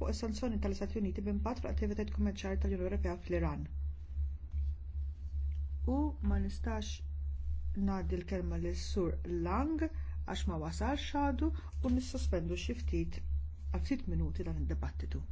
fuq is-sanzjoni tal-Istati Uniti b'impatt fuq attivitajiet kummerċjali tal-Unjoni Ewropea fl-Iran. U ma nistax ngħaddi l-kelma lis sur Lang għax ma wasal xadu u nissospendu xi ftit għal ftit minuti dan id-dibattitu.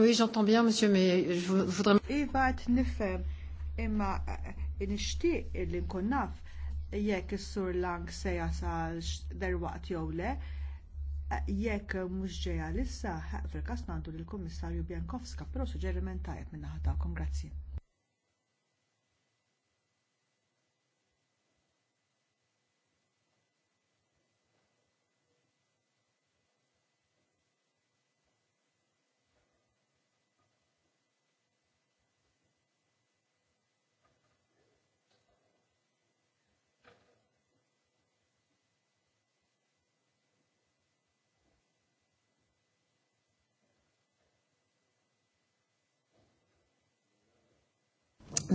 Oui, j'entends bien, monsieur, mais je voudrais... Iva, nifem, imma eh, nishtiq li nkun naf jekk is-sur Lang se jasal derwaqt jew le, eh, jekk mhux ġejja lissa, eh, fil-każ ngħandu lill-Kummissarju Bjankowska, però suġġeriment tajjeb min-naħa tagħkom, grazzi.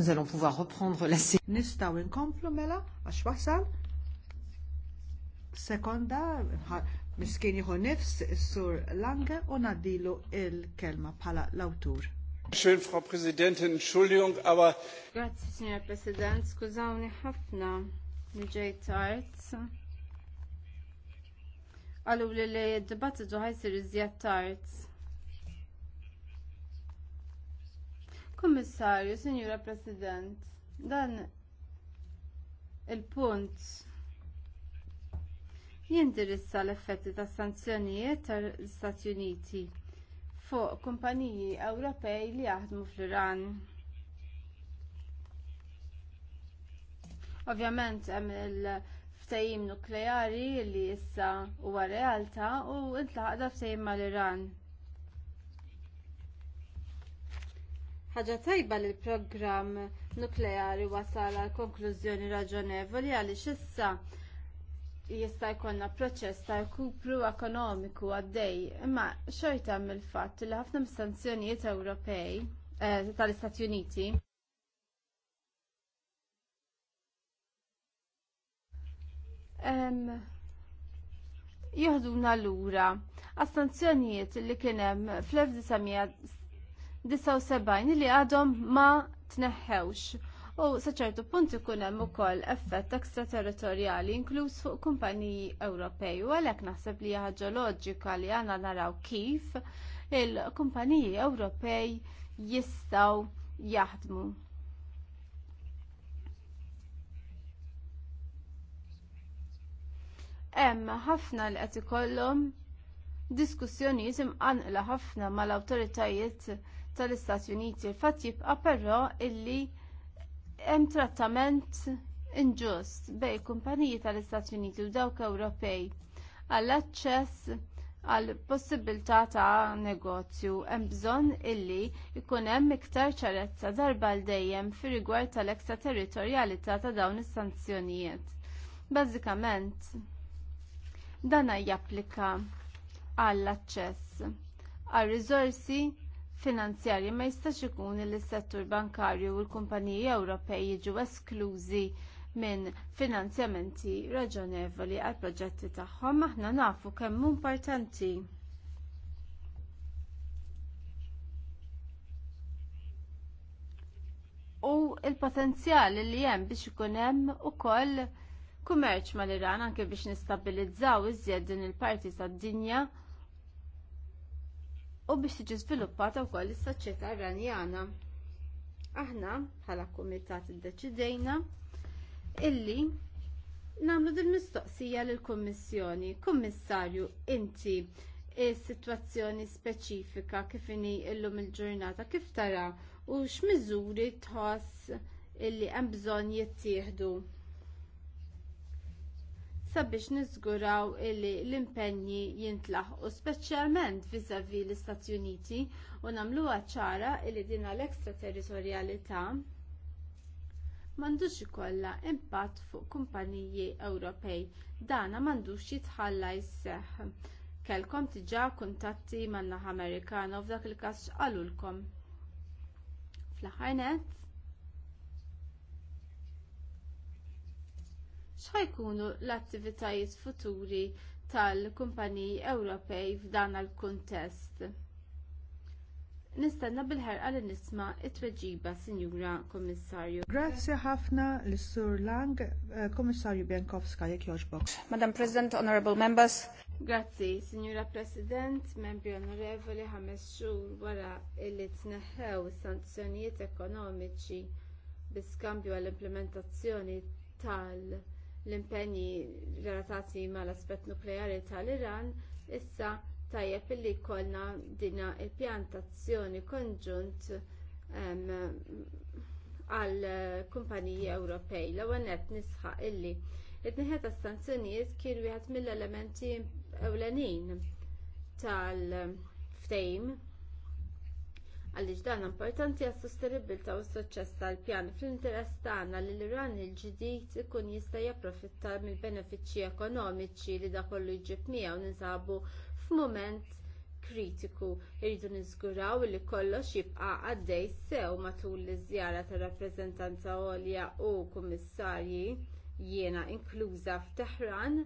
nous allons pouvoir reprendre la séance. Nistaw inkomplu mela, għax wasal. Sekonda, miskin jħu nifs, sur Lange, u nadilu il-kelma pala l-autur. Schön, Frau Präsidentin, Entschuldigung, aber... Grazie, Signor President, skużawni ħafna li ġej Għallu li li d-dibattitu ħajsir iżjad Kommissarju, Sinjura President, dan il-punt jindirizza l-effetti tas sanzjonijiet tal-Istati Uniti fuq kumpaniji Ewropej li jaħdmu fl-Iran. Ovvjament hemm il ftehim nukleari li issa huwa realtà u intlaqda ftehim mal-Iran. ħaġa tajba li l-programm nukleari wasal għal konklużjoni raġonevoli għaliex issa jista' jkollna proċess ta' kupru ekonomiku għaddej, imma xorta mill-fatt li ħafna mis-sanzjonijiet Ewropej eh, tal-Istati Uniti joħduna lura għas-sanzjonijiet li kien hemm fl-19 79 li għadhom ma tneħħewx. U saċertu punt ikun hemm ukoll effett ekstraterritorjali inkluż fuq kumpaniji Ewropej u għalhekk naħseb li ħaġa loġika li għandna naraw kif il-kumpaniji Ewropej jistgħu jaħdmu. Hemm ħafna li qed ikollhom diskussjonijiet imqanqla ħafna mal-awtoritajiet tal-Istati Uniti. Il-fatt jibqa' però illi hemm trattament inġust bej kumpaniji tal-Istati Uniti u dawk Ewropej għall aċċess għal possibilità ta' negozju hemm bżonn illi jkun hemm iktar ċarezza darba l dejjem firigward rigward tal-ekstraterritorjalità ta' dawn is-sanzjonijiet. Bażikament dan japplika għall aċċess għal riżorsi finanzjarji ma jistax ikun li s-settur bankarju u l-kumpaniji Ewropej jiġu esklużi minn finanzjamenti raġonevoli għal proġetti tagħhom aħna nafu kemm importanti. U l potenzjal li hemm biex ikun hemm ukoll kummerċ mal-Iran anke biex nistabilizzaw iżjed din il-parti tad-dinja u biex tiġi żviluppata wkoll is-soċjetà Iranjana. Aħna bħala kumitat iddeċidejna illi nagħmlu din mistoqsija lill kummissjoni Kummissarju, inti is-sitwazzjoni speċifika kif inhi llum il-ġurnata kif tara u x'miżuri tħoss illi hemm bżonn jittieħdu sabiex niżguraw illi l-impenni jintlaħqu speċjalment viżavi l-Istati Uniti u nagħmluha ċara illi din l-ekstraterritorjalità m'għandux ikollha impatt fuq kumpaniji Ewropej. Dana m'għandux jitħalla jisseħ. Kelkom diġà kuntatti man-naħa Amerikana u f'dak il-każ x'qalulkom. Fl-aħħar x'ħajkunu l-attivitajiet futuri tal-kumpaniji Ewropej f'dan il-kuntest. Nistenna bil ħarqa li nisma it-tweġiba, Sinjura Kommissarju. Grazzi ħafna l-Sur Lang, eh, Kommissarju Bjankowska, jek joġbok. Madam President, Honorable Members. Grazzi, Sinjura President, Membri Onorevoli, ħames xhur wara li tneħħew sanzjonijiet ekonomiċi bi skambju għall-implementazzjoni tal- l-impenji relatati mal aspett nukleari tal-Iran, issa tajjeb illi jkollna dina il-pjantazzjoni konġunt għall kumpaniji Ewropej. L-ewwel nett nisħaq illi it-tnieħed tas-sanzjonijiet kien wieħed mill-elementi ewlenin tal-ftejm għaliex dan importanti għas sostenibilta u s-suċċess tal-pjan fl-interess tagħna li l-Iran il-ġdid ikun jista' japprofitta mill-benefiċċji ekonomiċi li dak kollu jġib miegħu ninsabu f'mument kritiku irridu niżguraw li kollox jibqa' għaddej sew matul iż-żjara tar-rappreżentanza għolja u kummissarji jiena inkluża f'Teħran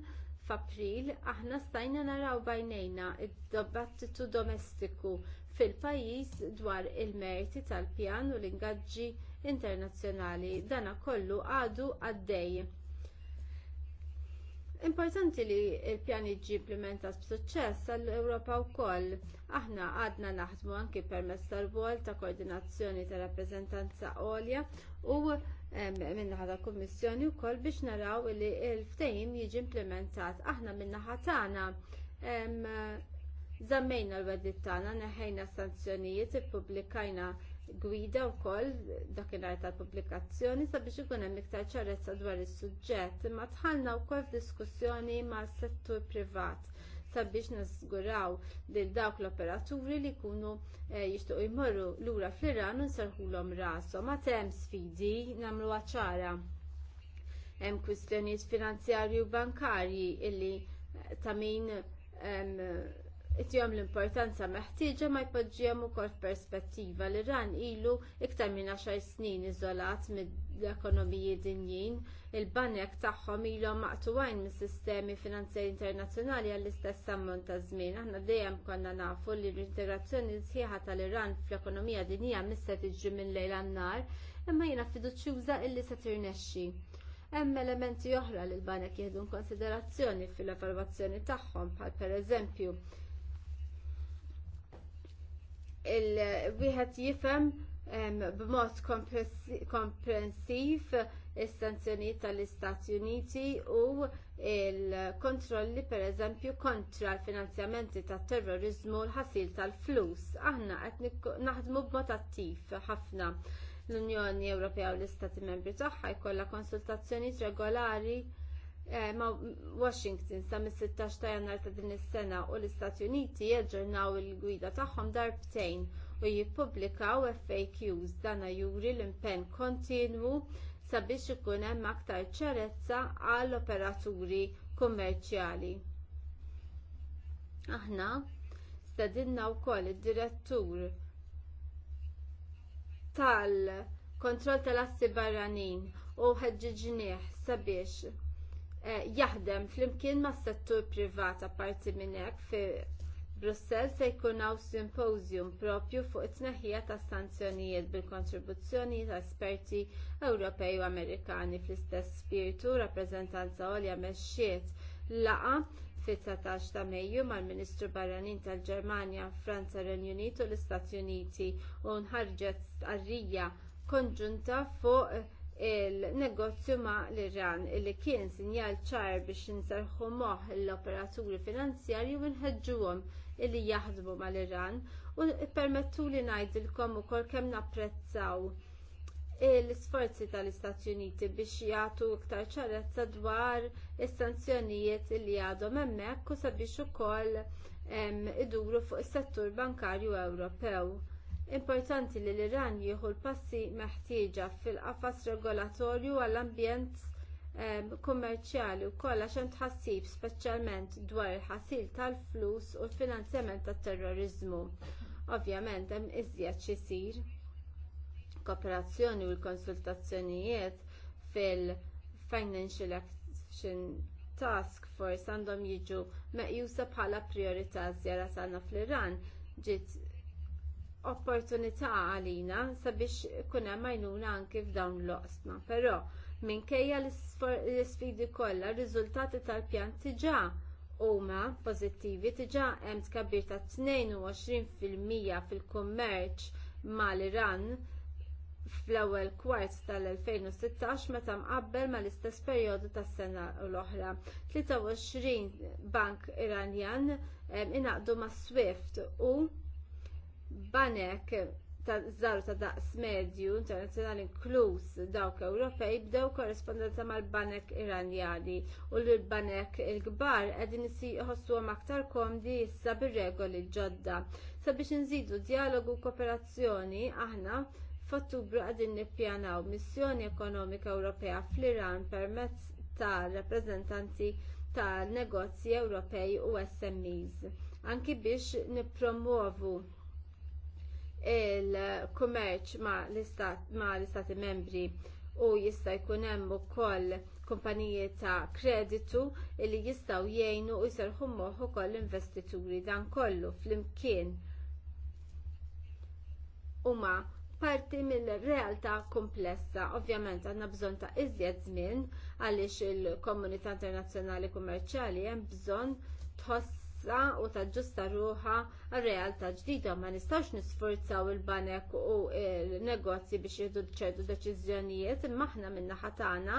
f'April aħna stajna naraw bajnejna id-dibattitu domestiku fil-pajjiż dwar il-merti tal-pjan u l-ingaġġi internazzjonali. Dana kollu għadu għaddej. Importanti li l pjan jiġi implementat b'suċċess għall-Ewropa wkoll. Aħna għadna naħdmu anki permezz tal-vol ta' koordinazzjoni ta' rappreżentanza għolja u minnaħa tal kummissjoni wkoll biex naraw li l-ftehim jiġi implementat. Aħna minnaħa tagħna Zammejna l weddit tagħna, neħejna sanzjonijiet, ippubblikajna gwida wkoll dakinhar tal-pubblikazzjoni sabiex ikun hemm iktar ċarezza dwar is-suġġett, imma tħallna wkoll diskussjoni mas-settur privat sabiex nasguraw li dawk l-operaturi li jkunu eh, jixtiequ jmorru l-ura fl-Iran u nserħulhom rashom. Ma tem sfidi nagħmluha ċara. Hemm kwistjonijiet finanzjarji u bankarji illi ta' min it-jom l-importanza meħtieġa ma jpoġġihom ukoll f'perspettiva li ran ilu iktar minn 10 snin iżolat mill-ekonomiji dinjin, il-banek tagħhom ilhom maqtuwajn mis-sistemi finanzjari internazzjonali għall-istess ammont ta' żmien. Aħna dejjem konna nafu li l-integrazzjoni sħiħa tal-Iran fl-ekonomija dinjija missa tiġi minn lejl għan-nar, imma jiena fiduċjuża illi se tirnexxi. Hemm elementi oħra li l-banek jieħdu konsiderazzjoni fil-evalwazzjoni tagħhom bħal pereżempju il-wieħed jifhem b'mod komprensiv is-sanzjonijiet tal-Istati Uniti u l kontrolli pereżempju kontra l-finanzjamenti tat terrorizmu u l-ħasil tal-flus. Aħna qed naħdmu b'mod attiv ħafna l-Unjoni Ewropea u l-Istati Membri tagħha jkollha konsultazzjonijiet regolari Eh, ma' Washington sa' mis-16 ta' jannar ta' din is-sena u l-Istati Uniti jaġġornaw il-gwida tagħhom darbtejn u jippubblikaw FAQs dana juri l-impenn kontinwu sabiex ikun hemm aktar ċerezza għall operaturi kummerċjali. Aħna stedinna wkoll id-direttur tal-kontroll tal-assi barranin u ħeġġiġnieh sabiex Eh, jaħdem flimkien mas settur privat apparti minn hekk fi Brussell se jkun hawn simpożjum proprju fuq it-tneħħija tas sanzjonijiet bil-kontribuzzjoni ta' esperti Ewropej u Amerikani fl-istess spiritu rappreżentanza għolja mexxiet laqa fit-19 ta' Mejju mal-Ministru Barranin tal-Ġermanja, Franza, Renju Unit u l-Istati Uniti u nħarġet għarrija konġunta fuq il-negozju ma l-Iran li kien sinjal ċar biex nserħu moħħ l-operaturi finanzjarji u nħeġġuhom illi jaħdmu mal iran u permettu li ngħidilkom ukoll kemm napprezzaw l-isforzi tal-Istati Uniti biex jagħtu iktar ċarezza dwar is-sanzjonijiet li għadhom hemmhekk u sabiex ukoll iduru fuq is-settur bankarju Ewropew Importanti li l-Iran jieħu l-passi meħtieġa fil-qafas regolatorju għall-ambjent ehm, kummerċjali wkoll għax hemm tħassib speċjalment dwar il-ħasil tal-flus u l-finanzjament tat-terrorizmu. Ovvjament hemm iżjed xi jsir kooperazzjoni u l-konsultazzjonijiet fil-Financial Action Task Force għandhom jiġu meqjusa bħala priorità żjara tagħna fl-Iran ġiet opportunità għalina sabiex kun hemm għajnuna f'dawn l-oqsna. Però minkejja l isfidi kollha, r-riżultati tal-pjan diġà huma pożittivi, diġà hemm tkabbir ta' 22% fil-kummerċ mal-Iran fl-ewwel kwart tal-2016 meta mqabbel mal-istess perjodu tas-sena l-oħra. 23 bank Iranjan inaqdu ma' Swift u banek ta' żaru ta' daqs medju internazzjonali inkluż dawk Ewropej bdew korrespondenza mal-banek iranjani u l-banek il-kbar qegħdin jħossuhom aktar komdi issa bir-regoli ġodda. Sabiex inżidu dijalogu u kooperazzjoni aħna f'Ottubru qegħdin nippjanaw missjoni ekonomika Ewropea fl-Iran permezz ta' rappreżentanti ta' negozji Ewropej u SMEs anki biex nippromovu il-kummerċ ma' l-istati membri u jista' jkun hemm ukoll kumpaniji ta' kreditu li jistgħu jgħinu u jserħu moħħ ukoll l-investituri dan kollu flimkien huma parti mill-realtà komplessa. Ovvjament għandna bżonn ta' iżjed żmien għaliex il-komunità internazzjonali kummerċjali hemm bżonn tħoss tifla u taġġusta ruħa għar realtà ġdida ma nistgħux nisforzaw il-banek u l negozji biex jieħdu ċertu deċiżjonijiet imma aħna min-naħa tagħna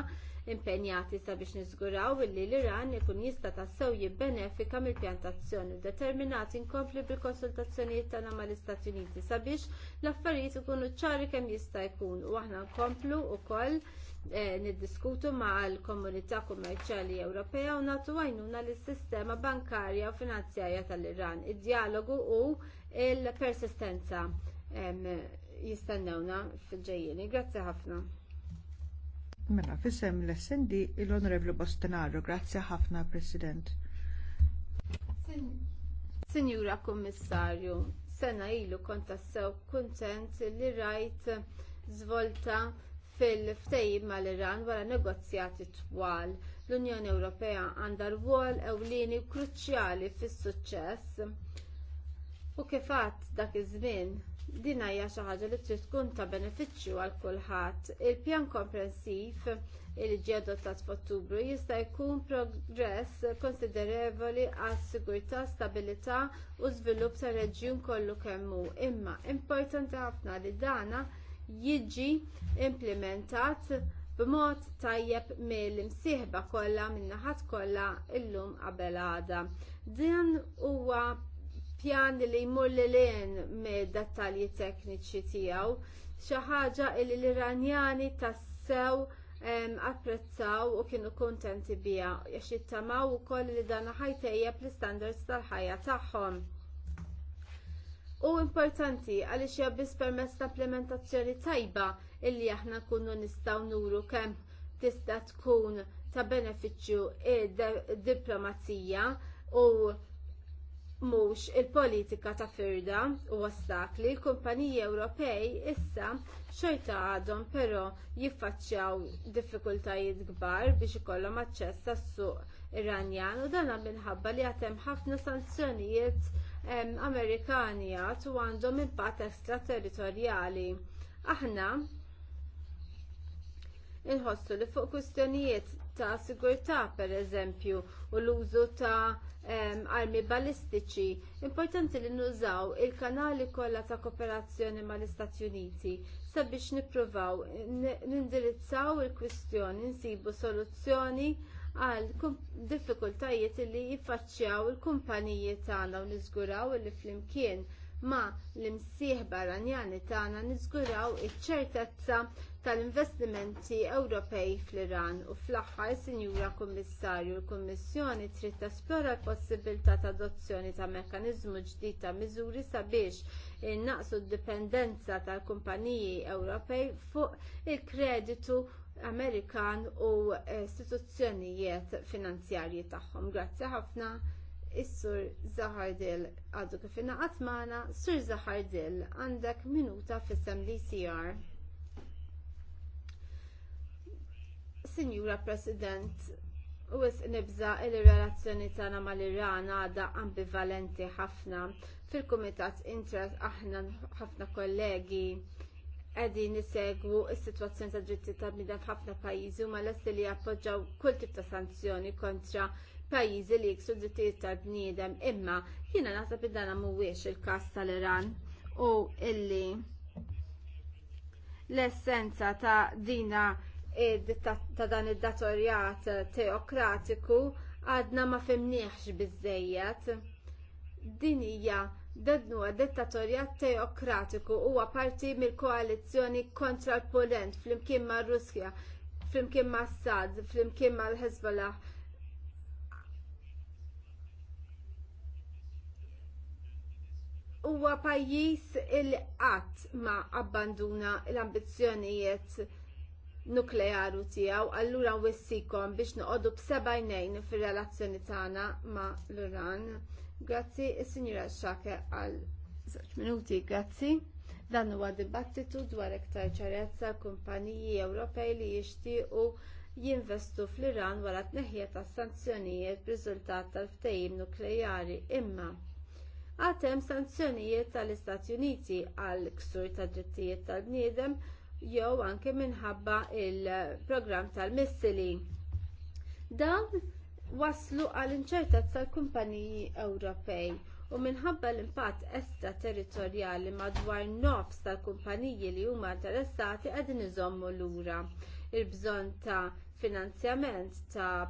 impenjati sabiex niżguraw illi l-Iran ikun jista' tassew jibbenefika mill-pjantazzjoni determinati nkompli bil-konsultazzjonijiet tagħna mal-Istati Uniti sabiex l-affarijiet ikunu ċari kemm jista' jkun u aħna nkomplu wkoll Eh, niddiskutu ma' l-Komunità Kummerċjali Ewropea u nagħtu għajnuna lis sistema bankarja u finanzjarja tal-Iran. Id-dialogu u l persistenza jistennewna fil-ġejjeni. Grazzi ħafna. Mela, fissem l-essendi l-Onorevlu Bostenaro. Grazzi ħafna, President. Sinjura Kommissarju, sena ilu kontassew kuntent li rajt zvolta fil-ftejim mal-Iran wara negozjati twal l-Unjoni Ewropea għandha rwol ewlieni kruċjali fis-suċċess. U kif għadd dak iż-żmien din hija xi ħaġa li trid tkun ta' benefiċċju għal kulħadd. Il-pjan komprensiv li ġie adottat f'Ottubru jista' jkun progress konsiderevoli għas sigurtà, stabilità u żvilupp tar reġjun kollu kemm hu. Imma importanti ħafna li dana jiġi implementat b'mod tajjeb mill-imsieħba kollha min-naħat kollha illum qabel għada. Din huwa pjan li jmur li lejn mid-dettalji tekniċi tiegħu xi ħaġa li l-Iranjani tassew apprezzaw u kienu kuntenti biha għax jittamaw ukoll li dan ħajtejjeb l-istandards tal-ħajja tagħhom. U importanti għaliex hija biss permezz ta' implementazzjoni tajba illi aħna nkunu nistgħu nuru kemm tista' tkun ta' benefiċċju id-diplomazija u mhux il-politika ta' firda u ostakli, kumpaniji Ewropej issa xorta għadhom però jiffaċċjaw diffikultajiet kbar biex ikollhom aċċess tas suq Iranjan u dan minħabba li għad ħafna sanzjonijiet Amerikani għat u għandhom impatt estraterritorjali. Aħna inħossu li fuq kwistjonijiet ta' sigurtà pereżempju u l-użu ta' armi balistiċi, importanti li nużaw il-kanali kollha ta' kooperazzjoni mal istati Uniti sabiex nippruvaw nindirizzaw il-kwistjoni, nsibu soluzzjoni għal diffikultajiet li jiffaċċjaw il-kumpaniji tagħna u niżguraw li flimkien ma l imsieħ barranjani tagħna niżguraw iċ-ċertezza tal-investimenti Ewropej fl-Iran u fl-aħħar Sinjura Kummissarju l-Kummissjoni trid tesplora l-possibilità ta' adozzjoni ta' mekkaniżmu ġdid ta' miżuri sabiex innaqsu d-dipendenza tal-kumpaniji Ewropej fuq il-kreditu Amerikan u istituzzjonijiet finanzjarji tagħhom. Grazzi ħafna is-sur Zahardil għadu kif ingħaqad magħna, sur Zahardil għandek minuta fis-sem l-ICR. Sinjura President, u nibża li relazzjoni tagħna mal-Iran għadha ambivalenti ħafna. Fil-Kumitat Interest aħna ħafna kollegi qegħdin isegwu s-sitwazzjoni ta' dritti ta' bniedem f'ħafna pajjiżi huma lesti li jappoġġaw kull tip ta' sanzjoni kontra pajjiżi li jiksu drittijiet ta' bniedem imma jiena naħseb li dan mhuwiex il-każ tal-Iran u illi l-essenza ta' dina ta' dan id-datorjat teokratiku għadna ma fimnieħx biżżejjed. Din hija Dadnu dittatorjat teokratiku huwa parti mill-koalizzjoni kontra l-Polent flimkien ma' Russja, flimkien ma' Assad, flimkien ma' l-Hezbollah. Huwa pajjiż il qatt ma' abbanduna l-ambizzjonijiet nukleari tiegħu, allura wissikom biex noqogħdu b'sebajnejn fir-relazzjoni tagħna ma' l-Iran Grazzi, il-Sinjura Xake għal 10 minuti, grazzi. Dan huwa dibattitu dwar iktar ċarezza kumpaniji Ewropej li jixtiequ jinvestu fl-Iran wara tneħħija tas sanzjonijiet b'riżultat tal-ftehim nukleari imma għad hemm sanzjonijiet tal-Istati Uniti għal ksur tad drittijiet tal-bniedem jew anke minħabba il programm tal-missili. Dan waslu għal inċertezza tal-kumpaniji Ewropej u minħabba l-impatt estra territorjali madwar nofs tal-kumpaniji li huma interessati qegħdin iżommu lura. Il-bżonn ta' finanzjament ta'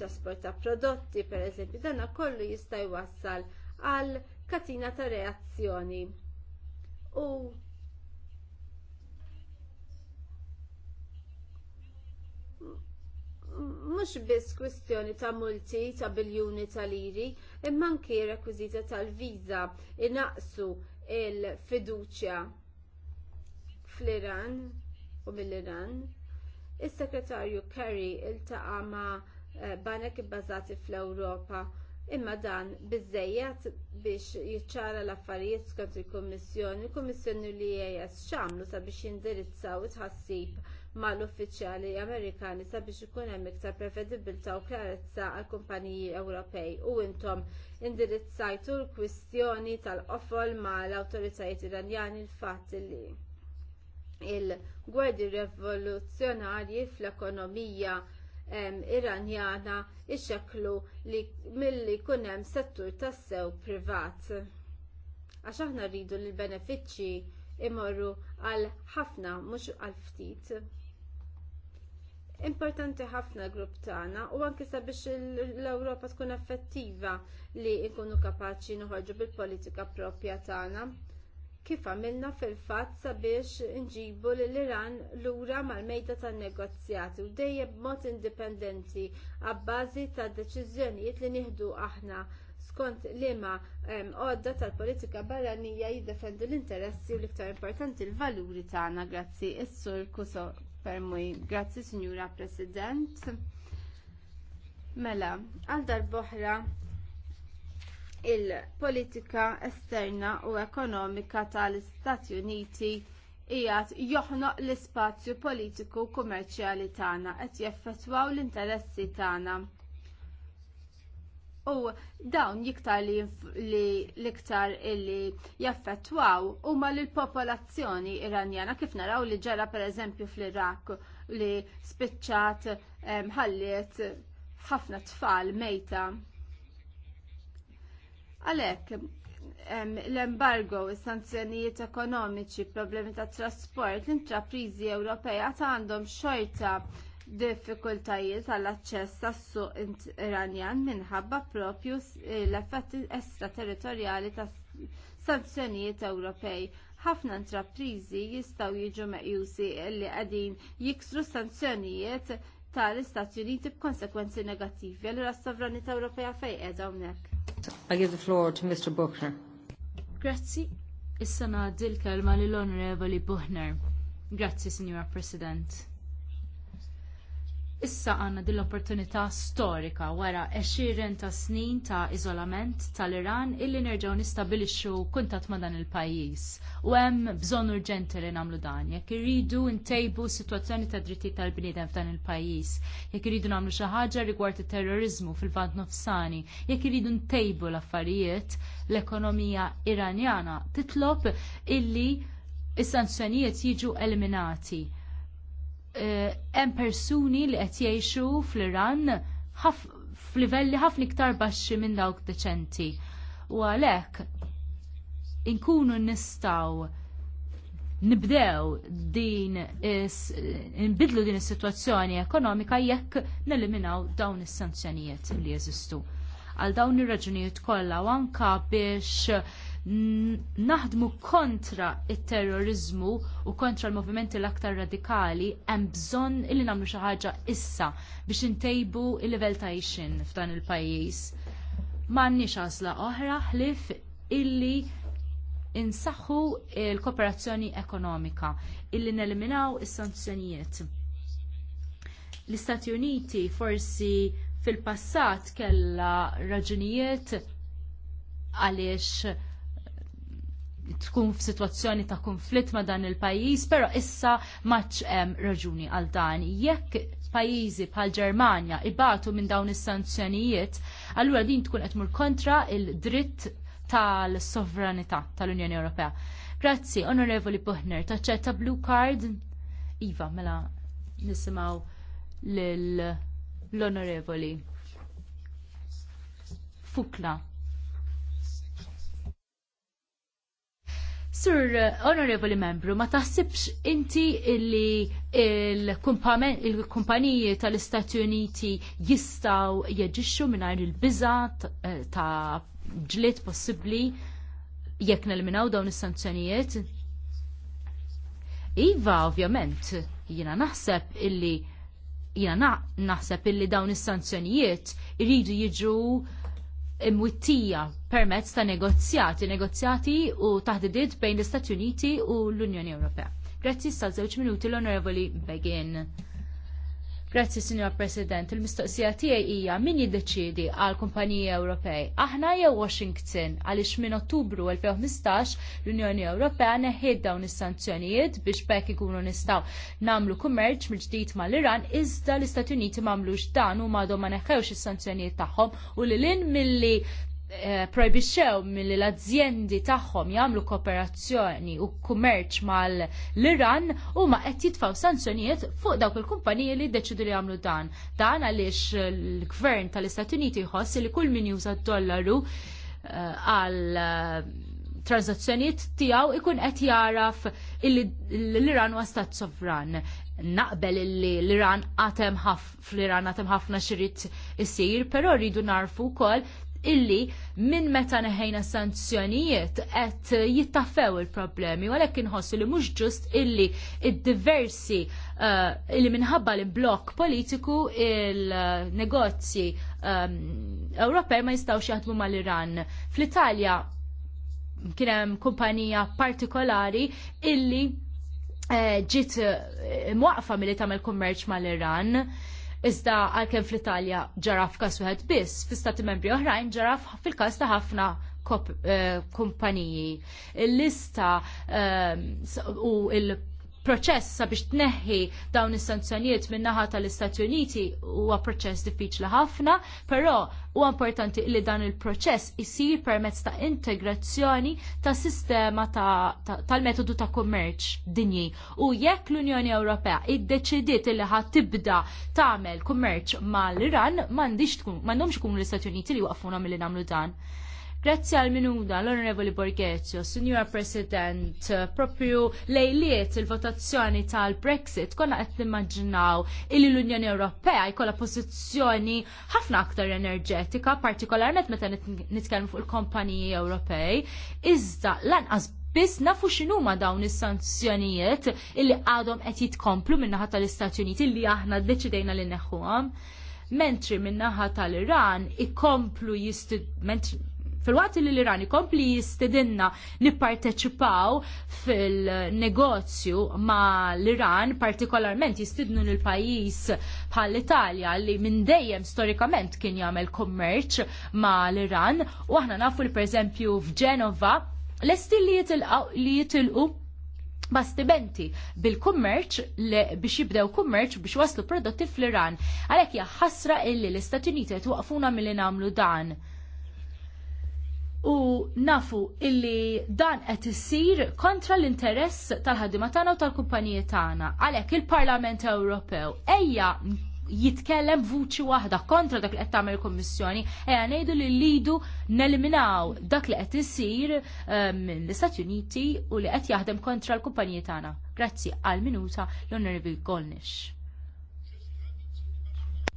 trasport ta' prodotti, pereżempju, dan kollu jista' jwassal għal katina ta' reazzjoni. U mhux biss kwistjoni ta' multi ta' biljuni ta' liri, imma anke rekwiżita tal-viża inaqsu il-fiduċja fl-Iran u mill-Iran. Is-Sekretarju Kerry iltaqa' ma' eh, banek ibbażati fl-Ewropa imma dan biżżejjed biex jiċċara l-affarijiet skont il-Kummissjoni, il-Kummissjoni li EAS xamlu sabiex jindirizzaw it-ħassib mal-uffiċjali Amerikani sabiex ikun hemm iktar prevedibilità u klarezza għall kumpaniji Ewropej u intom indirizzajtu l-kwistjoni tal-qofol mal-awtoritajiet Iranjani l-fatt li il-gwerdi rivoluzzjonarji fl-ekonomija Iranjana ixxeklu li milli jkun hemm settur tas-sew privat. Għax aħna rridu l benefiċċji imorru għal ħafna mhux għal ftit importanti ħafna grupp tagħna u anke sabiex l-Ewropa tkun effettiva li nkunu kapaċi noħorġu bil-politika propja tagħna. Kif għamilna fil-fatt sabiex nġibu l iran lura mal-mejda tan-negozjati u dejjem b'mod indipendenti għabbażi ta' deċiżjonijiet li nieħdu aħna skont liema għodda tal-politika barranija jiddefendu l-interessi u l-iktar importanti l-valuri tagħna grazzi is-sur Permuj, grazzi Signora President. Mela, għal darboħra il-politika esterna u ekonomika tal-Istati Uniti ijat joħnoq l-ispazju politiku u kummerċjali tagħna qed jeffettwaw l-interessi tagħna U dawn jiktar li l-iktar li jaffettwaw huma lill popolazzjoni iranjana kif naraw li ġara pereżempju fl-Iraq li spiċċat ħalliet ħafna tfal mejta. Għalhekk l-embargo, sanzjonijiet ekonomiċi, problemi tat trasport, l-intrapriżi Ewropej ta għandhom xorta diffikultajiet għall aċċess tas suq Iranjan minħabba proprju l-effetti estraterritorjali ta' sanzjonijiet Ewropej. Ħafna intrapriżi jistgħu jiġu meqjusi li qegħdin jiksru sanzjonijiet tal-Istati Uniti b'konsegwenzi negattivi allura s-sovranità Ewropea fejn qiegħda hawnhekk. I give the floor to Mr. Buchner. Grazzi. Issa ngħaddi l-kelma lill-Onorevoli Buchner. Grazzi, Signora President Issa għandna din l opportunità storika wara 20 ta' snin ta' iżolament tal-Iran illi nerġgħu nistabilixxu kuntatt ma' dan il-pajjiż. U hemm bżonn urġenti li nagħmlu dan jekk iridu ntejbu s-sitwazzjoni ta' drittijiet tal-bniedem f'dan il-pajjiż, jekk iridu nagħmlu xi ħaġa rigward it-terrorizmu fil-Vant Nofsani, jekk iridu ntejbu l-affarijiet, l-ekonomija Iranjana titlob illi is-sanzjonijiet jiġu eliminati Eh, hemm persuni li qed jgħixu fl-Iran f'livelli ħafna iktar baxxi minn dawk deċenti. U għalhekk inkunu nistgħu nibdew din nbidlu din is-sitwazzjoni ekonomika jekk neliminaw dawn is-sanzjonijiet li jeżistu. Għal dawn ir-raġunijiet kollha anke biex naħdmu kontra il-terrorizmu u kontra l-movimenti l-aktar radikali hemm bżonn illi nagħmlu xi ħaġa issa biex intejbu il-livell ta' ixin f'dan il-pajjiż. M'għandniex għażla oħra ħlif illi insaħħu l-kooperazzjoni ekonomika illi neliminaw is-sanzjonijiet. L-Istati Uniti forsi fil-passat kellha raġunijiet għaliex tkun f'sitwazzjoni ta' konflitt ma' dan il-pajjiż, però issa maċ hemm raġuni għal dan. Jekk pajjiżi bħal Ġermanja ibatu minn dawn is-sanzjonijiet, allura din tkun qed mur kontra il-dritt tal-sovranità tal-Unjoni Ewropea. Grazzi, Onorevoli Buhner, taċċetta blue card? Iva, mela nisimaw l-onorevoli. Fukla. Sur Honorable eh, Membru, ma taħsibx inti illi il-kumpaniji il tal-Istati Uniti jistaw jieġixxu mingħajr il-biża ta' eh, ġlit possibbli jekk nelminaw dawn is-sanzjonijiet? Iva, ovvjament, jiena naħseb illi jina naħseb illi dawn is-sanzjonijiet iridu jiġu imwittija permezz ta' negozjati, negozjati u taħdidiet bejn l-Istati Uniti u l-Unjoni Ewropea. Grazzi sta' żewġ minuti l-Onorevoli Begin. Grazzi, Signor President. Il-mistoqsija tiegħi hija min jiddeċiedi għal kumpaniji Ewropej. Aħna jew Washington għaliex minn Ottubru 2015 l-Unjoni Ewropea neħed dawn is-sanzjonijiet biex bekk ikunu nistgħu nagħmlu kummerċ mill-ġdid mal-Iran iżda l-Istati Uniti m'għamlux dan u m'għadhom ma neħħewx is-sanzjonijiet tagħhom u lil milli Eh, projbixxew milli l-azzjendi tagħhom jagħmlu kooperazzjoni u kummerċ mal-Iran huma qed jitfgħu sanzjonijiet fuq dawk il-kumpaniji li jiddeċidu li jagħmlu dan. Dan għaliex l-Gvern tal-Istati Uniti jħoss li kull min juża d-dollaru eh, għal eh, transazzjonijiet tiegħu ikun qed jaraf l-Iran huwa stat sovran naqbel illi l-Iran għatem ħafna fl-Iran għatem ħafna xirrit issir, pero rridu narfu kol illi minn meta neħejna sanzjonijiet qed jittaffew il-problemi u għalhekk inħossu li mhux ġust illi id-diversi uh, illi minħabba l blok politiku il-negozji um, Ewropej ma jistgħux jaħdmu mal-Iran. Fl-Italja kien hemm kumpanija partikolari illi eh, ġiet eh, mwaqfa milli tagħmel kummerċ mal-Iran Iżda għalkemm fl-Italja ġara f'każ wieħed biss, fi stati membri oħrajn ġaraf fil-każ ta' ħafna eh, kumpaniji. Il-lista eh, u il proċess sabiex tneħħi dawn is-sanzjonijiet min naħa tal-Istati Uniti huwa proċess diffiċli ħafna, però huwa importanti li dan il-proċess isir permezz ta' integrazzjoni ta' sistema tal-metodu ta' kummerċ dinji. U jekk l-Unjoni Ewropea iddeċidiet li ħad tibda tagħmel kummerċ mal-Iran m'għandix tkun m'għandhomx ikunu l-Istati Uniti li waqfuna milli nagħmlu dan. Grazzi għal minuta l-Onorevoli Borghezio, Signora President, propju lejliet il-votazzjoni tal-Brexit konna qed nimmaġinaw illi l-Unjoni Ewropea jkollha pożizzjoni ħafna aktar enerġetika, partikolarment meta nitkellmu fuq il-kompaniji Ewropej, iżda lanqas biss nafu x'inhuma dawn is-sanzjonijiet illi għadhom qed jitkomplu min-naħa tal-Istati Uniti li aħna ddeċidejna li neħħuhom mentri min-naħa tal-Iran ikomplu jistid mentri Fil-waqt li l-Iran ikompli jistedinna nipparteċipaw fil-negozju ma l-Iran, partikolarment jistidnu nil pajis bħal l-Italja li minn dejjem storikament kien jagħmel kummerċ ma l-Iran u aħna nafu li perżempju f'Ġenova l-estil li jitilqu bastimenti bil-kummerċ biex jibdew kummerċ biex waslu prodotti fl-Iran. Għalhekk ja ħasra illi l-Istati Uniti qed waqfuna milli nagħmlu dan u nafu illi dan qed issir kontra l-interess tal ħaddima tagħna u tal-kumpaniji tagħna. Għalhekk il-Parlament Ewropew ejja jitkellem vuċi waħda kontra dak li qed tagħmel il-Kummissjoni ejja ngħidu li lidu neliminaw dak li qed isir eh, minn l-Istati Uniti u li qed jaħdem kontra l-kumpaniji tagħna. Grazzi għal minuta l-Onorevoli Golnish.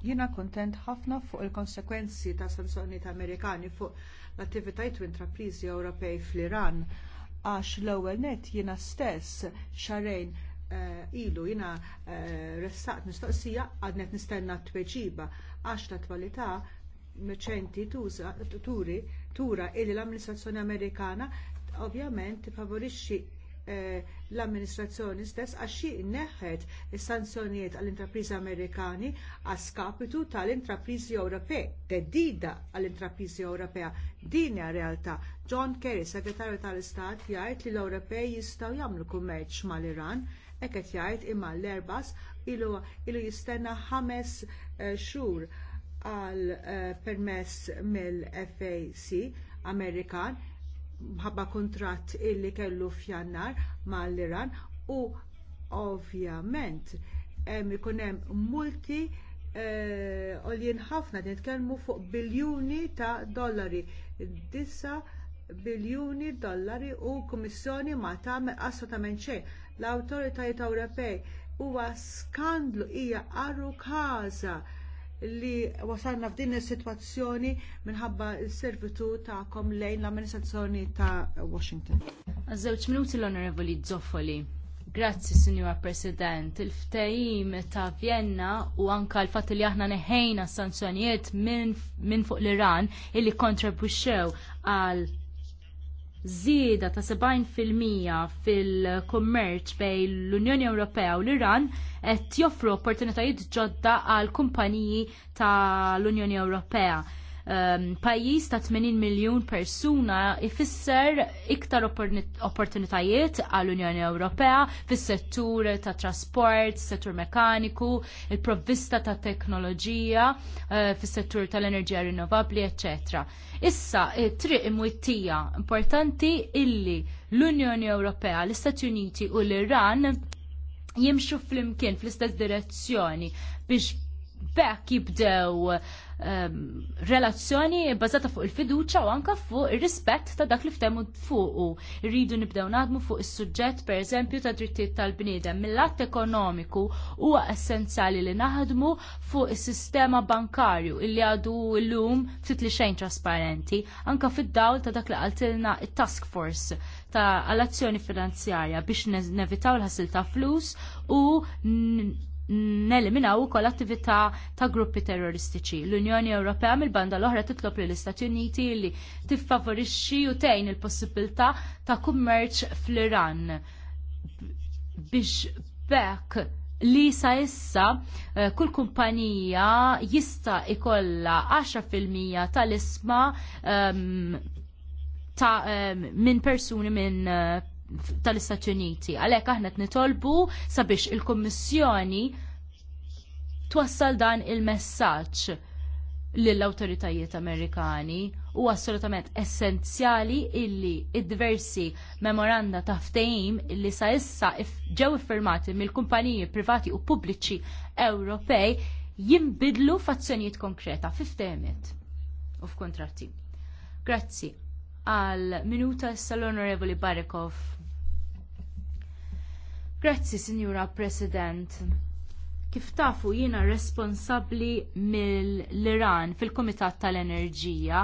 Jiena kuntent ħafna fuq il-konsekwenzi ta' sanzjonijiet Amerikani fuq l-attivitajt u intrapriżi Ewropej fl-Iran għax l-ewwel nett jiena stess xarejn eh, ilu jiena eh, ressaqt mistoqsija għadnet nistenna t-tweġiba għax l attualità meċenti turi tura illi l-amministrazzjoni Amerikana ovvjament favorixxi Eh, l-amministrazzjoni stess għax xi neħħet is-sanzjonijiet għall intrapriżi Amerikani għas kapitu tal-intrapriżi Ewropej, teddida għall intrapriżi Ewropea. Din hija realtà. John Kerry, segretarju tal-Istat, jgħid li l-Ewropej jistgħu jagħmlu kummerċ mal-Iran, hekk qed jgħid imma l-Airbus ilu, ilu jistenna ħames eh, xhur għal eh, permess mill-FAC Amerikan mħabba kuntratt illi kellu f'jannar mal-Iran u ovvjament hemm ikun hemm multi eh, għoljien uh, ħafna nitkellmu fuq biljuni ta' dollari. Disa biljuni dollari u kummissjoni ma tagħmel assolutament xejn. L-awtoritajiet Ewropej huwa skandlu hija arru kaza li wasalna f'din is-sitwazzjoni minħabba s-servitu tagħkom lejn l-amministrazzjoni ta' Washington. Żewġ minuti l-Onorevoli Zoffoli. Grazzi, Sinjora President. Il-ftehim ta' Vienna u anka l-fatt li aħna neħejna sanzjonijiet minn fuq l-Iran illi kontribuxxew għal żieda ta' 70% fil-kummerċ bejn l-Unjoni Ewropea u l-Iran qed joffru opportunitajiet ġodda għal kumpaniji tal-Unjoni Ewropea um, pajjiż ta' 80 miljun persuna ifisser iktar opportunitajiet għall-Unjoni Ewropea fis-settur ta' trasport, settur mekaniku, il-provvista ta' teknoloġija, uh, fis-settur tal-enerġija rinnovabbli, eċċetera. Issa, triq imwittija importanti illi l-Unjoni Ewropea, l-Istati Uniti u l-Iran jimxu fl-imkien fl-istess direzzjoni biex bekk jibdew Ehm, relazzjoni bazzata fuq il-fiduċa u anka fuq il-rispett ta' dak li ftemu fuq u rridu nibdew naħdmu fuq is-suġġett per eżempju ta' drittijiet tal-bniedem. Mill-att ekonomiku huwa essenzjali li naħdmu fuq is-sistema bankarju li għadu l-lum ftit li xejn trasparenti anka fid-dawl ta' dak li qaltilna it-task force ta' għall-azzjoni finanzjarja biex nevitaw l-ħasil ta' flus u neliminaw ukoll attività ta' gruppi terroristiċi. L-Unjoni Ewropea mill-banda l-oħra titlob lill istati Uniti li tiffavorixxi u tgħin il-possibilità ta' kummerċ fl-Iran biex bekk li sa issa eh, kull kumpanija jista ikolla 10% tal-isma um, ta' um, minn persuni minn eh, tal-Istati Uniti. Għalhekk aħna qed nitolbu sabiex il-Kummissjoni twassal dan il-messaġġ lill awtoritajiet Amerikani u assolutament essenzjali illi id-diversi memoranda ta' ftehim li sa' issa ġew iffirmati mill-kumpaniji privati u pubbliċi Ewropej jimbidlu f'azzjonijiet konkreta fi ftehimiet u f'kuntratti. Grazzi għal minuta s-sal-Onorevoli Barikov Grazzi, Signora President. Kif tafu jiena responsabbli mill-Iran fil-Komitat tal-Enerġija,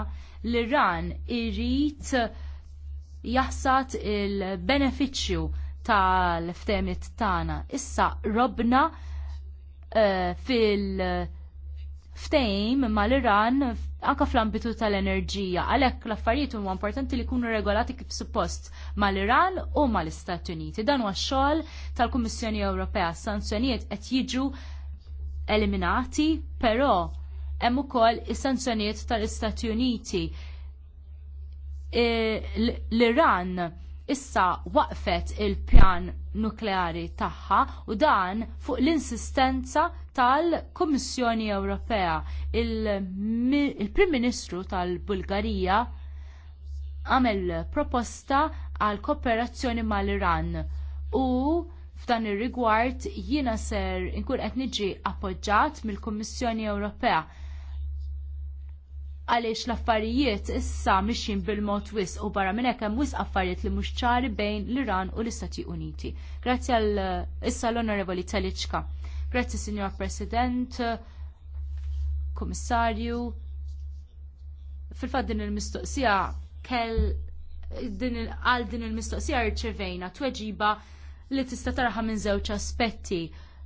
l-Iran irrit jaħsat il-beneficju tal-ftemit tagħna. Issa robna uh, fil- ftejm mal-Iran anka fl-ambitu tal-enerġija. Għalhekk l-affarijiet huma importanti li jkunu regolati kif suppost mal-Iran u mal-Istati Uniti. Dan huwa xogħol tal-Kummissjoni Ewropea. Sanzjonijiet qed jiġu eliminati, però hemm ukoll is-sanzjonijiet tal-Istati Uniti. E, L-Iran issa waqfet il-pjan nukleari tagħha u dan fuq l-insistenza tal-Kummissjoni Ewropea. Il-Prim Ministru tal-Bulgarija għamel proposta għal kooperazzjoni mal-Iran u f'dan ir-rigward jiena ser inkun qed niġi appoġġjat mill-Kummissjoni Ewropea għaliex l-affarijiet issa mixin bil-mod wis u barra minn hekk hemm wis affarijiet li mhux ċari bejn l-Iran u l-Istati Uniti. Grazzi għal eh, issa l-Onorevoli Teliċka. Grazzi Signor President, Kummissarju. Fil-fatt din il-mistoqsija kell għal din il-mistoqsija rċevejna tweġiba li tista' tarħa minn żewġ aspetti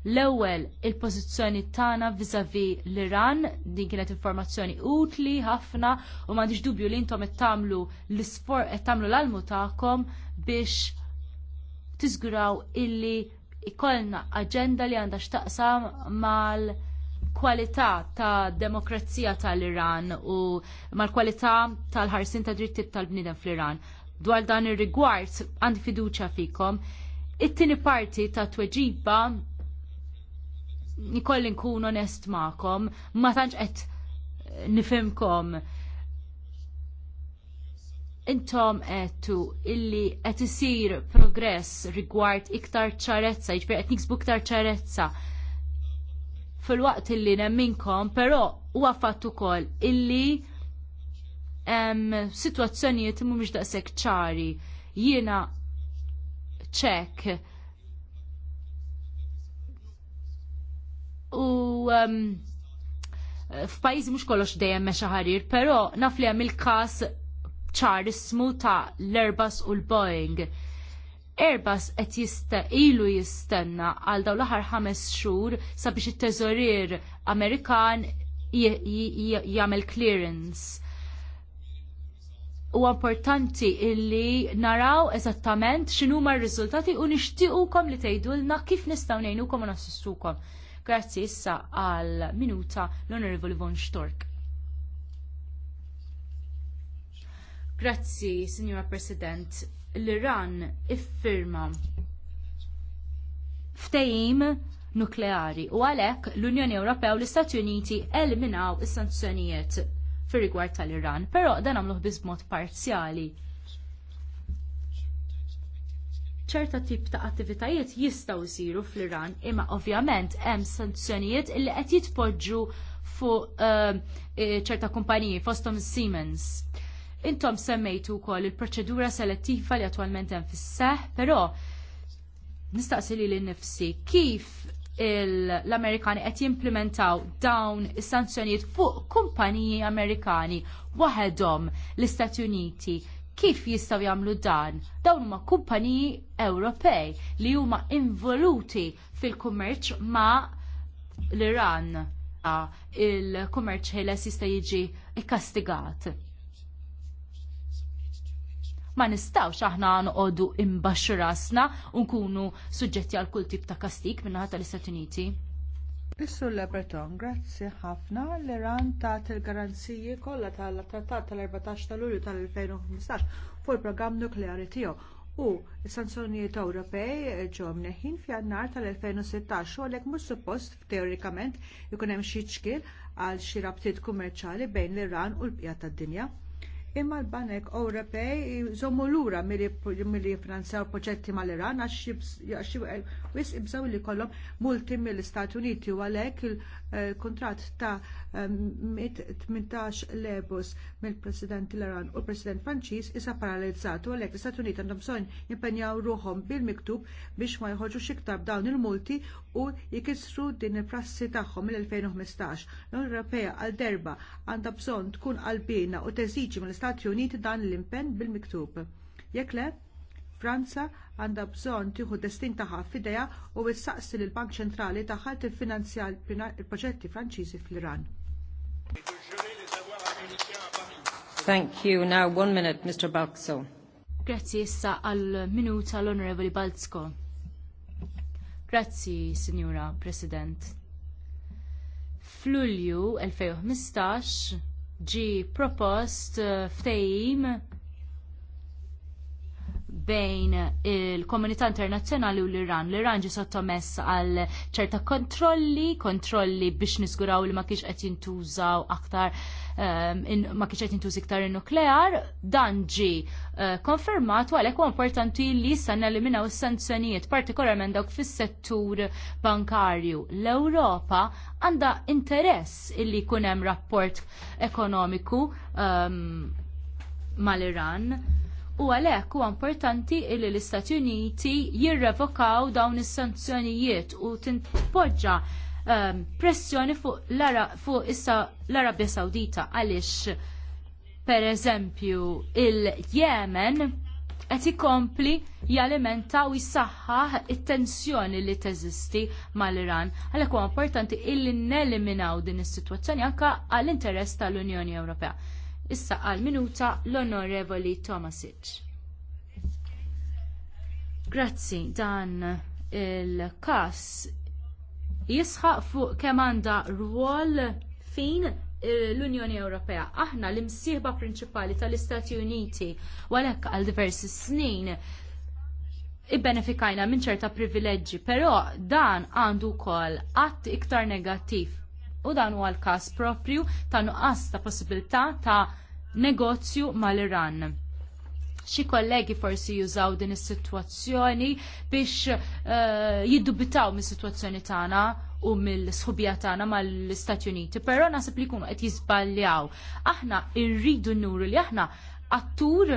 L-ewwel il-pożizzjoni tagħna viżavi l-Iran din kienet informazzjoni utli ħafna u m'għandix dubju li intom qed tagħmlu l-isfor qed tagħmlu l-almu tagħkom biex tiżguraw illi ikollna aġenda li għandha x'taqsam mal kwalità ta' demokrazija tal-Iran u mal-kwalità tal-ħarsin ta' drittijiet tal-bniedem fl-Iran. Dwar dan ir-rigward għandi fiduċja fikom. It-tieni parti ta' tweġiba nikolli nkun onest ma'kom, ma tantx qed eh, nifimkom. Intom għettu illi qed isir progress rigward iktar ċarezza, jiġifieri qed niksbu iktar ċarezza fil-waqt illi nemminkom, però huwa fatt ukoll illi situazzjonijiet mhumiex daqshekk ċari. Jiena ċek u um, f'pajjiżi mhux kollox dejjem mexa ħarir, però naf li hemm il-każ ismu ta' l-Airbus u l-Boeing. Airbus qed jista' ilu jistenna għal dawn l-aħħar ħames xhur sabiex it-teżorir Amerikan jagħmel clearance. U importanti illi naraw eżattament x'inhuma r-riżultati u nixtiequkom li tgħidulna kif nistgħu ngħinukom u nassistukom Grazzi issa għal minuta l-Onorevoli Von Stork. Grazzi, Signora President. L-Iran iffirma ftehim nukleari u għalhekk l-Unjoni Ewropew u l-Istati Uniti eliminaw is-sanzjonijiet fir rigward tal-Iran, però dan għamluh biss parzjali ċerta tip ta' attivitajiet jistgħu jsiru fl-Iran imma ovvjament hemm sanzjonijiet li qed jitpoġġu fuq ehm, e, ċerta kumpaniji fosthom Siemens. Intom semmejtu wkoll il-proċedura selettiva li attualment hemm fis-seħ, però nistaqsi li l-nifsi kif l-Amerikani qed jimplementaw dawn is-sanzjonijiet fuq kumpaniji Amerikani waħedhom l-Istati Uniti Kif jistgħu jagħmlu dan? Dawn huma kumpaniji Ewropej li huma involuti fil-kummerċ ma' l-Iran ah, il-kummerċ ħeles jista' jiġi ikkastigat. Ma nistawx aħna noqogħdu imbaxxu rasna u nkunu suġġetti għal kull tip ta' kastik min-naħa tal-Istati Uniti. Issu Lebreton, grazzi ħafna l ran tat il-garanziji kollha tal-Trattat tal-14 ta' Lulju tal-2015 fuq il-programm nukleari tiegħu u s-sanzjonijiet Ewropej ġew mneħħin f'Jannar tal-2016 u għalhekk mhux suppost teorikament ikun hemm xi ċkil għal xi rabtiet kummerċjali bejn l-Iran u l-bqija tad-dinja imma l-Banek Ewropej jżommu lura li jiffinanzjaw proġetti mal-Iran għax jibżaw li kollom multi mill-Istati Uniti u għalhekk il-kuntratt eh, ta' 18 eh, lebus mill-President l-Iran u l-President Franċiż isa paralizzat u għalhekk l-Istati Uniti għandhom bżonn jimpenjaw ruħhom bil-miktub biex ma jħoġu xiktab dawn il-multi u jikissru din il-prassi tagħhom mill-2015. l ewropeja għal derba għandha bżonn tkun qalbina u teżiġi mill l-Istati Uniti dan l-impenn bil-miktub. Jekk le, Franza għandha bżonn tieħu destin tagħha f'idejha u issaqsi lill bank ċentrali tagħha tiffinanzja l-proġetti Franċiżi fl-Iran. Thank you. Now one minute, Mr. Balzo. Grazzi issa għal minuta l-Onorevoli Balzko. Grazzi, Signora President. F'Lulju 2015 ġie propost eh, ftehim bejn il-komunità internazzjonali u l-Iran. L-Iran ġi sottomess għal ċerta kontrolli, kontrolli biex nisguraw li ma kienx qed jintużaw aktar ehm, ma kienx qed jintuż iktar in-nuklear, dan ġi eh, konfermat u għalhekk huwa importanti li issa neliminaw is-sanzjonijiet, partikolarment dawk fis-settur bankarju. L-Ewropa għandha interess illi jkun hemm rapport ekonomiku ehm, mal-Iran u għalhekk huwa importanti li l-Istati Uniti jirrevokaw dawn is-sanzjonijiet u tinpoġġa um, pressjoni fuq l-Arabja fu Sawdita għaliex pereżempju il-Yemen qed ikompli jalimenta u jsaħħaħ it-tensjoni li teżisti mal-Iran. Għalhekk huwa importanti illi neliminaw din is-sitwazzjoni anke għall-interess tal-Unjoni Ewropea. Issa għal minuta l-Onorevoli Tomasic. Grazzi dan il-kas jisħaq fuq kemm għandha fin eh, l-Unjoni Ewropea. Aħna l-imsieħba prinċipali tal-Istati Uniti għalhekk għal diversi snin ibbenefikajna minn ċerta privileġġi, però dan għandu wkoll għatt iktar negattiv u dan huwa l-każ propju ta' nuqqas ta' possibilità ta' negozju mal-Iran xi kollegi forsi jużaw din is-sitwazzjoni biex uh, jiddubitaw mis-sitwazzjoni tagħna u mill-sħubija tagħna mal-Istati Uniti, però naħseb li jkunu qed jiżbaljaw. Aħna rridu nuru li aħna attur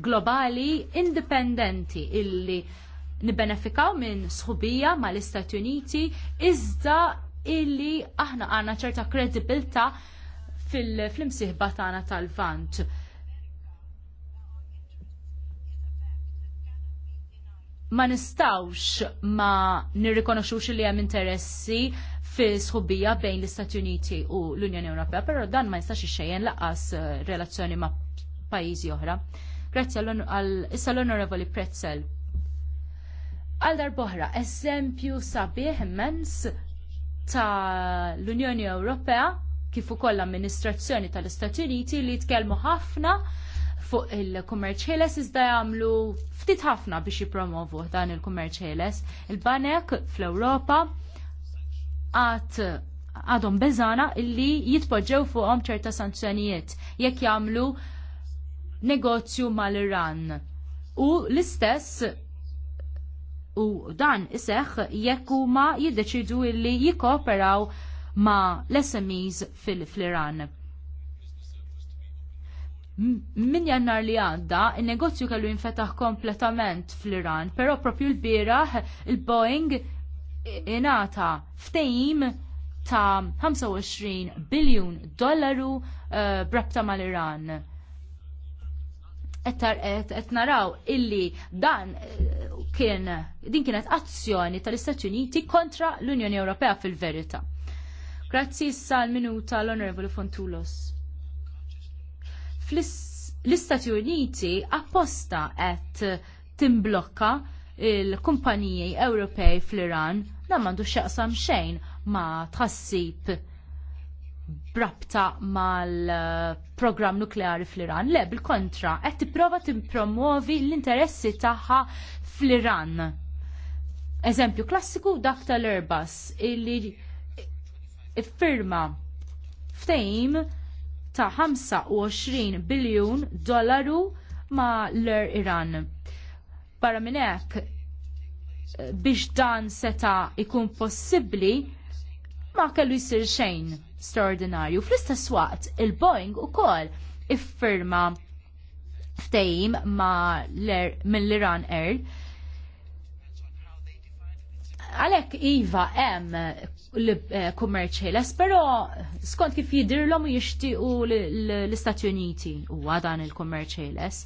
globali indipendenti illi nibbenefikaw minn sħubija mal-Istati Uniti iżda illi aħna għandna ċerta kredibilta fil-imsieħba tagħna tal-vant. Ma nistawx ma nirrikonoxux li hemm interessi fi sħubija bejn l-Istati Uniti u l-Unjoni Ewropea, però dan ma jistax ixejjen laqas eh, relazzjoni ma' pajjiżi oħra. Grazzi għall issa l-Onorevoli Pretzel. Għal darboħra, eżempju sabiħ immens ta' l-Unjoni Ewropea kif ukoll l-amministrazzjoni tal-Istati Uniti li tkellmu ħafna fuq il-kummerċ ħeles iżda jagħmlu ftit ħafna biex jippromovu dan il-kummerċ ħeles. Il-banek fl-Ewropa għadhom beżana illi jitpoġġew fuqhom ċerta sanzjonijiet jekk jagħmlu negozju mal-Iran. U l-istess u dan iseħħ jekk huma jiddeċidu li jikkooperaw ma' l-SMEs fil-Iran. Min jannar li għadda, il-negozju kellu jinfetaħ kompletament fl-Iran, pero propju l-biraħ il-Boeing inata ftejim ta' 25 biljun dollaru uh, brabta mal-Iran qed naraw illi dan eh, kien din kienet azzjoni tal-Istati Uniti kontra l-Unjoni Ewropea fil-verità. Grazzi issa minuta l-Onorevoli Fontulos. l istati Uniti apposta qed timblokka il-kumpaniji Ewropej fl-Iran ma m'għandux x'jaqsam xejn ma tħassib brabta mal-programm eh, nukleari fl-Iran. Le, bil-kontra, qed tipprova tippromovi l-interessi tagħha fl-Iran. Eżempju klassiku dak tal-Airbus illi iffirma ftehim ta' 25 biljun dollaru ma' l-Iran. Barra minn hekk biex dan seta' ikun possibbli ma kellu jsir xejn straordinarju. Fl-istess waqt, il-Boeing ukoll iffirma ftejim ma mill-Iran Air għalek Iva em eh, kummerċ ħeles, pero skont kif jidirlom jishtiqu l-Istati Uniti u għadan il-kummerċ es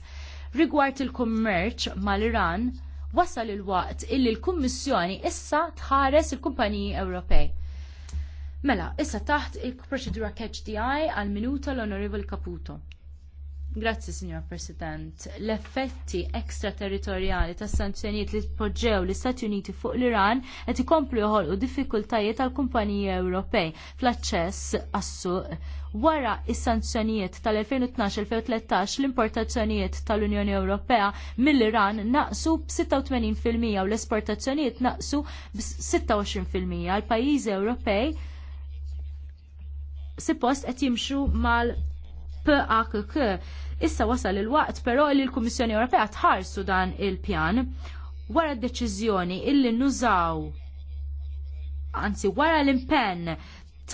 Rigward il-kummerċ mal-Iran, wasal il-waqt illi l-Kummissjoni issa tħares il-kumpaniji Ewropej Mela, issa taħt il-proċedura catch the eye għal minuta l-Onorevoli Caputo. Grazzi, Signor President. L-effetti ekstraterritorjali tas sanzjonijiet li tpoġġew l-Istati Uniti fuq l-Iran qed ikomplu joħolqu diffikultajiet għal kumpaniji Ewropej fl-aċċess għas-suq wara is-sanzjonijiet tal-2012-2013 l-importazzjonijiet tal-Unjoni Ewropea mill-Iran naqsu b-86% u l-esportazzjonijiet naqsu b-26%. għal pajjiżi Ewropej suppost qed jimxu mal-PAKK. Issa wasal il-waqt però li l-Kummissjoni Ewropea tħarsu dan il-pjan wara d-deċiżjoni illi nużaw anzi wara l-impenn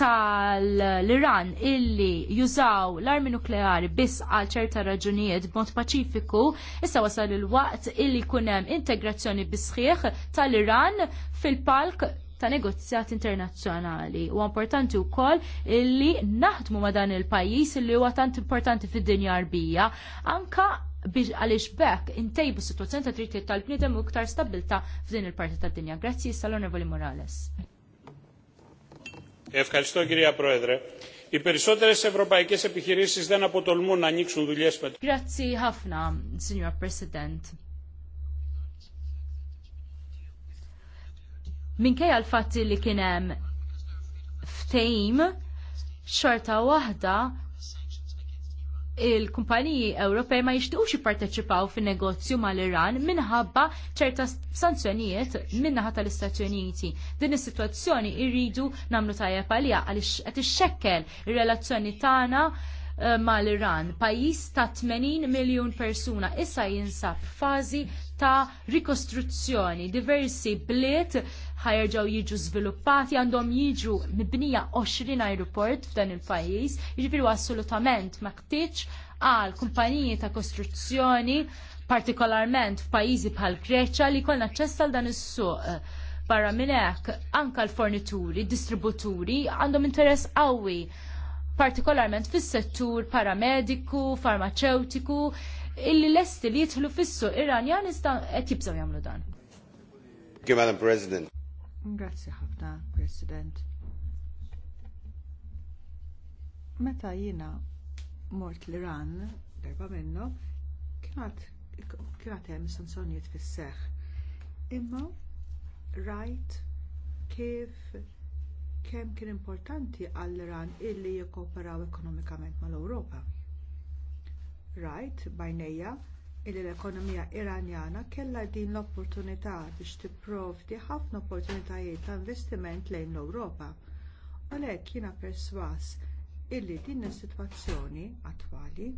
tal-Iran illi jużaw l-armi nukleari biss għal ċerta raġunijiet b'mod paċifiku, issa wasal il-waqt illi kunem integrazzjoni bisħieħ tal-Iran fil-palk ta' negozjat internazzjonali. U importanti wkoll illi naħdmu ma' dan il-pajjiż illi huwa tant importanti fid-dinja arbija, anka biex għaliex bekk intejbu situazzjoni ta' drittijiet tal bnidem u iktar stabilta f'din il-parti tad-dinja. Grazzi sal-Onorevoli Morales. Ευχαριστώ κυρία Πρόεδρε. Οι περισσότερες ευρωπαϊκές επιχειρήσεις δεν αποτολμούν να ανοίξουν δουλειές Grazie, Hafna, signor President minkejja l-fatti li kien hemm ftejm xorta waħda il-kumpaniji Ewropej ma jixtiqux jipparteċipaw fin negozju mal-Iran minħabba ċerta sanzjonijiet min-naħa tal-Istati Uniti. Din is-sitwazzjoni irridu nagħmlu tajjeb għalija għaliex qed ixxekkel ir-relazzjoni tagħna eh, mal-Iran, pajjiż ta' 80 miljun persuna issa jinsab f'fażi ta' rikostruzzjoni. Diversi bliet ħajerġaw jiġu sviluppati, għandhom jiġu mibnija 20 aeroport f'dan il-pajis, jiġifieri assolutament ma ktitx għal kumpaniji ta' kostruzzjoni partikolarment f'pajjiżi bħal Greċja li jkollna aċċess għal dan is-suq. Barra minn hekk anke l-fornituri, distributuri għandhom interess qawwi partikolarment fis-settur paramediku, farmaceutiku, illi lesti li jidħlu fissu Iranjan jista' qed jibżgħu jagħmlu dan. Thank you, Madam President. Grazzi ħafna, President. Meta jiena mort l-Iran, darba minnu, kienet hemm sanzjonijiet fis-seħħ. Imma rajt kif kemm kien importanti għall-Iran illi jikkoperaw ekonomikament mal-Ewropa rajt bajnejja illi l-ekonomija iranjana kellha din l-opportunità biex tipprovdi ħafna opportunitajiet ta' investiment lejn l-Ewropa. U hekk jiena perswas illi din is-sitwazzjoni attwali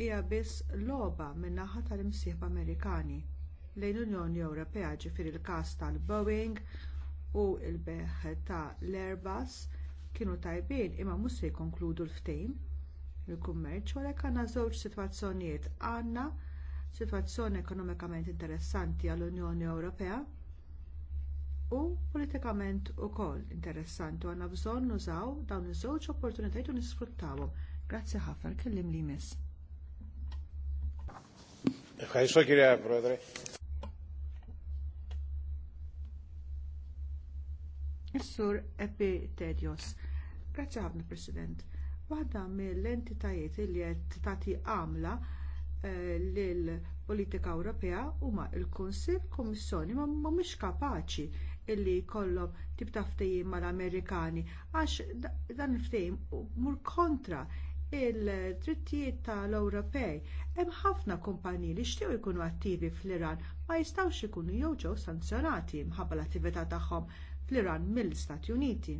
hija biss logħba min-naħa tal-imsieħba Amerikani lejn l-Unjoni Ewropea ġifieri il-każ tal-Boeing u l-beħ tal-Airbus kienu tajbin imma mhux se jkonkludu l-ftehim mill-kummerċ, u għalhekk għandna żewġ sitwazzjonijiet. Għandna sitwazzjoni ekonomikament interessanti għall-Unjoni Ewropea u politikament ukoll interessanti u għandna bżonn nużaw dawn iż-żewġ opportunitajiet u nisfruttawhom. Grazzi ħafna, kellim li miss. Is-sur Epitedios. Grazzi ħafna, President. Waħda mill-entitajiet li qed tagħti għamla eh, lill politika Ewropea huma l-Kunsill Kummissjoni ma mhumiex kapaċi illi jkollhom tip ta' ftehim mal-Amerikani għax dan il-ftehim mur kontra il-drittijiet tal-Ewropej. Hemm ħafna kumpaniji li xtiew jkunu attivi fl-Iran ma jistgħux ikunu jew ġew sanzjonati minħabba l-attività tagħhom fl-Iran mill-Istati Uniti.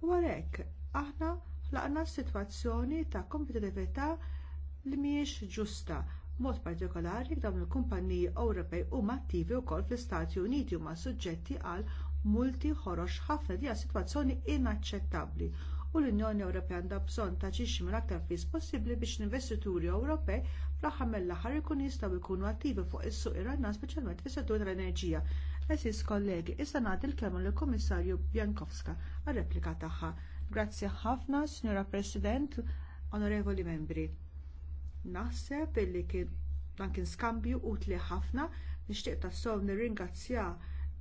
U għalhekk aħna laqna sitwazzjoni ta' kompetitività li mhijiex ġusta. Mod partikolari dawn il-kumpaniji Ewropej huma attivi wkoll fl-Istati Uniti huma suġġetti għal multi ħorox ħafna di sitwazzjoni inaċċettabbli u l-Unjoni Ewropea għandha bżonn ta' ġixxi mill-aktar fis possibbli biex l-investituri Ewropej fl-aħħar mill-aħħar ikun jistgħu jkunu attivi fuq is-suq Iranna speċjalment fis-settur tal-enerġija. Eżis kollegi, issa nagħti l-kelma lill-Kummissarju Bjankowska għar-replika tagħha. Grazzi ħafna, Signora President, Onorevoli Membri. Naħseb illi kien dan kien skambju utli ħafna nixtieq tassew nirringrazzja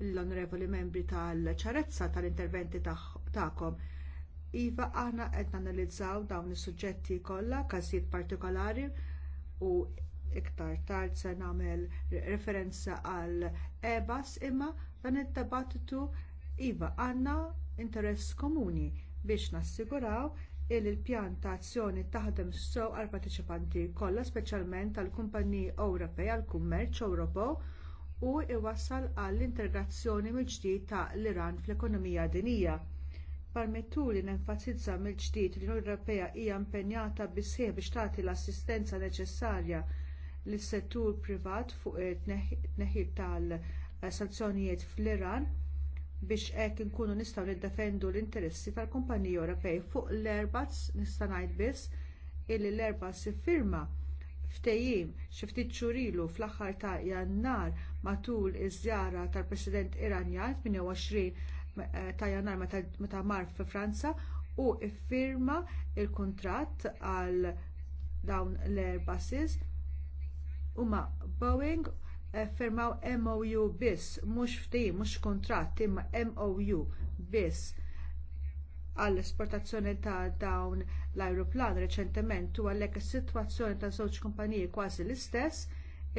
l-onorevoli membri tal-ċarezza tal-interventi tagħkom. Iva aħna qed nanalizzaw dawn is-suġġetti kollha każijiet partikolari u iktar tard se nagħmel referenza għal EBAS imma dan id-dibattitu iva għandna interess komuni biex nassiguraw li l pjan ta' azzjoni taħdem sow għall partiċipanti kollha speċjalment għall kumpaniji Ewropej għall kummerċ Ewropew u iwassal għall integrazzjoni mill-ġdid ta' l-Iran fl-ekonomija dinija. Permettuli nenfasizza mill-ġdid li l-Unjoni Ewropea hija impenjata bisħieħ biex tagħti l-assistenza neċessarja lis settur privat fuq it tneħħid tal-sanzjonijiet fl-Iran biex hekk inkunu nistgħu niddefendu l-interessi tal-kumpaniji Ewropej fuq l-Airbus nista' ngħid biss illi l-Airbus iffirma ftehim xi ftit xhur ilu fl-aħħar ta' Jannar matul iż-żjara tal-President Iranjan 28 eh, ta' Jannar meta mar fi Franza u iffirma l kuntratt għal dawn l-Airbuses huma Boeing firmaw MOU biss, mhux ftehim, mhux kuntratt imma MOU biss għall-esportazzjoni ta' dawn l ajruplan reċentement u għalhekk is-sitwazzjoni ta' żewġ kumpaniji kważi l-istess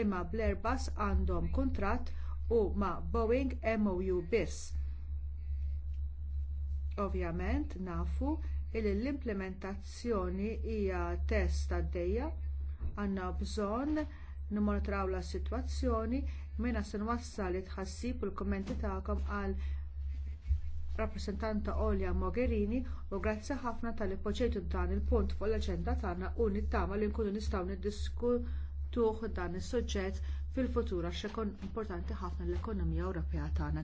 imma bl-Airbus għandhom kuntratt u ma' Boeing MOU biss. Ovvjament nafu li l-implementazzjoni hija test għaddejja għandna bżonn nimmonitoraw la sitwazzjoni mena se nwassal li tħassib u l-kommenti tagħkom għal rappreżentanta Olja Mogherini u grazzi ħafna tal-li dan il-punt fuq l-aġenda tagħna u nittama li nkunu nistgħu niddiskutuh dan is-suġġett fil-futur għax importanti ħafna l-ekonomija Ewropea tagħna.